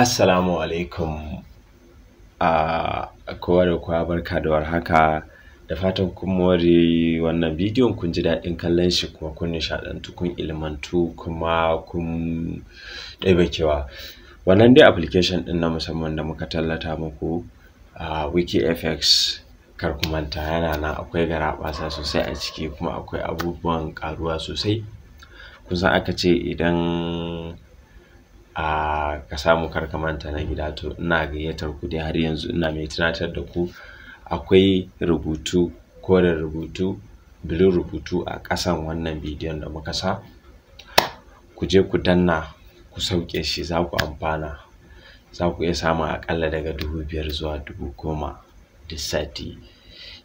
Assalamu alaikum. A kowa da kowa barka da warhaka. Da fatan kun more wannan bidiyon kun ji daɗin kallon shi kuma kun nishaɗantu kun ilmantu kuma kun ɗaibakewa. Wannan dai application ɗin na musamman da muka tallata muku a fx. kar ku manta yana nan akwai garaɓasa sosai a ciki kuma akwai abubuwan ƙaruwa sosai. Kusan aka ce idan ka samu kar ka manta na gida to ina gayyatar ku dai har yanzu ina mai tunatar da ku akwai rubutu koren rubutu blue rubutu a ƙasan wannan bidiyon da muka sa ku je ku danna ku sauke shi za ku amfana za ku iya samun aƙalla daga dubu biyar zuwa dubu goma duk sati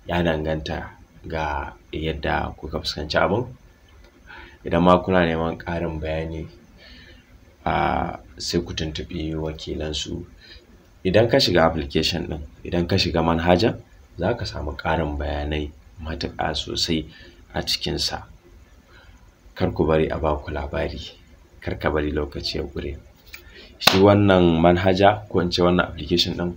ya danganta ga yadda kuka fuskanci abin idan ma kuna neman ƙarin bayani a sai ku tuntuɓi wakilansu idan ka shiga application ɗin idan ka shiga manhaja za ka samu ƙarin bayanai matuƙa sosai a cikinsa kar ku bari a baku labari kar ka bari lokaci ya gure. shi wannan manhaja ko in ce wannan application ɗin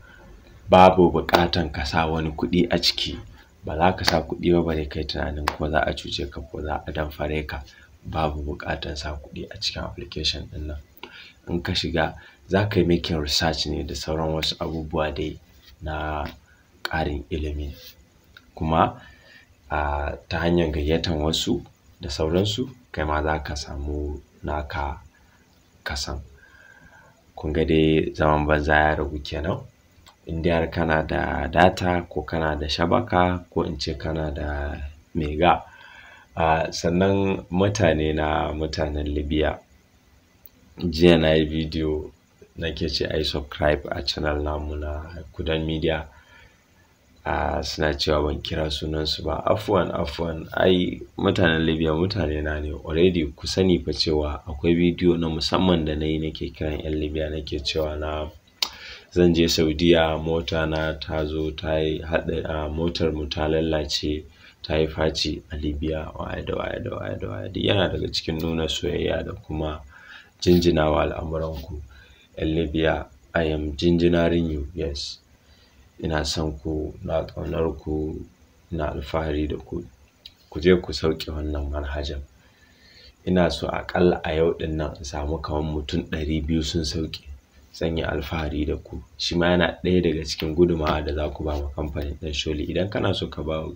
babu buƙatan ka sa wani kuɗi a ciki ba za ka sa kuɗi ba bare kai tunanin ko za a cuce ka ko za a damfare ka babu buƙatan sa kuɗi a cikin application ɗin nan in ka shiga za ka yi making research ne da sauran wasu abubuwa dai na ƙarin ilimi. Kuma a ta hanyar gayyatan wasu da sauransu kai ma za ka samu naka kasan. Kun ga dai zaman banza ya ragu kenan. In dai har kana da data ko kana da shabaka ko in ce kana da mega. A sannan mutane na mutanen Libya jiya na yi bidiyo ke ce a yi subscribe a channel namu na kudan media a suna cewa ban kira sunansu ba afuwan afuwan ai mutanen libya mutane na ne already ku sani fa cewa akwai bidiyo na musamman da na yi nake kiran yan libya nake cewa na zan je saudiya mota na ta zo ta yi haɗa motar mu ta lallace ta yi faci a libya wa da waye da yana daga cikin nuna soyayya da kuma jinjinawa al'amuranku. ‘Yan Libya, I am jinjinaring you, yes. Ina son ku, na ƙaunar ku, na alfahari da ku. Ku je ku sauke wannan manhajan. Ina so aƙalla a yau ɗin nan in samu kaman mutum ɗari biyu sun sauke. Zan yi alfahari da ku. Shi ma yana ɗaya daga cikin gudunmawa da za ku ba ma kamfanin ɗan Sholi. Idan kana so ka ba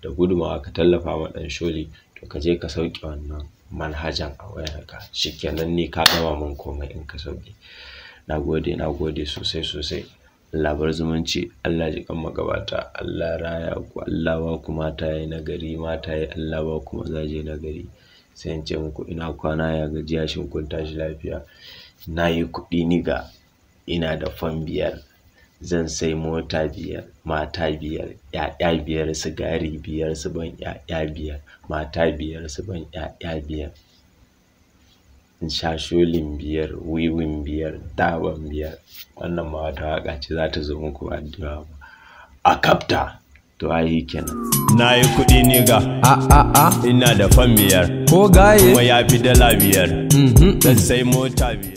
da gudunmawa ka tallafa ma ɗan Sholi to ka je ka sauke wannan manhajan a wayarka shikenan ni ka gama min komai in ka sauke na gode na gode sosai sosai Allah zumunci Allah ji kan magabata Allah raya ku Allah ba ku mataye na gari Allah ba ku mazaje na gari sai in ce muku ina kwana ya gajiya shin kun tashi lafiya na yi kuɗi ni ga ina da fam biyar zan sai mota biyar mata biyar ƴaƴa biyar sigari biyar su ban ƴaƴa biyar mata biyar su ban ƴaƴa biyar in sha sholin biyar wiwin biyar daban biyar wannan ma wata waƙa ce za ta zo muku addu'a a kafta to ayi kenan na yi kuɗi ne ga a a a ina da fan biyar ko gaye kuma ya fi dala biyar mm-hmm. zan sai mota biyar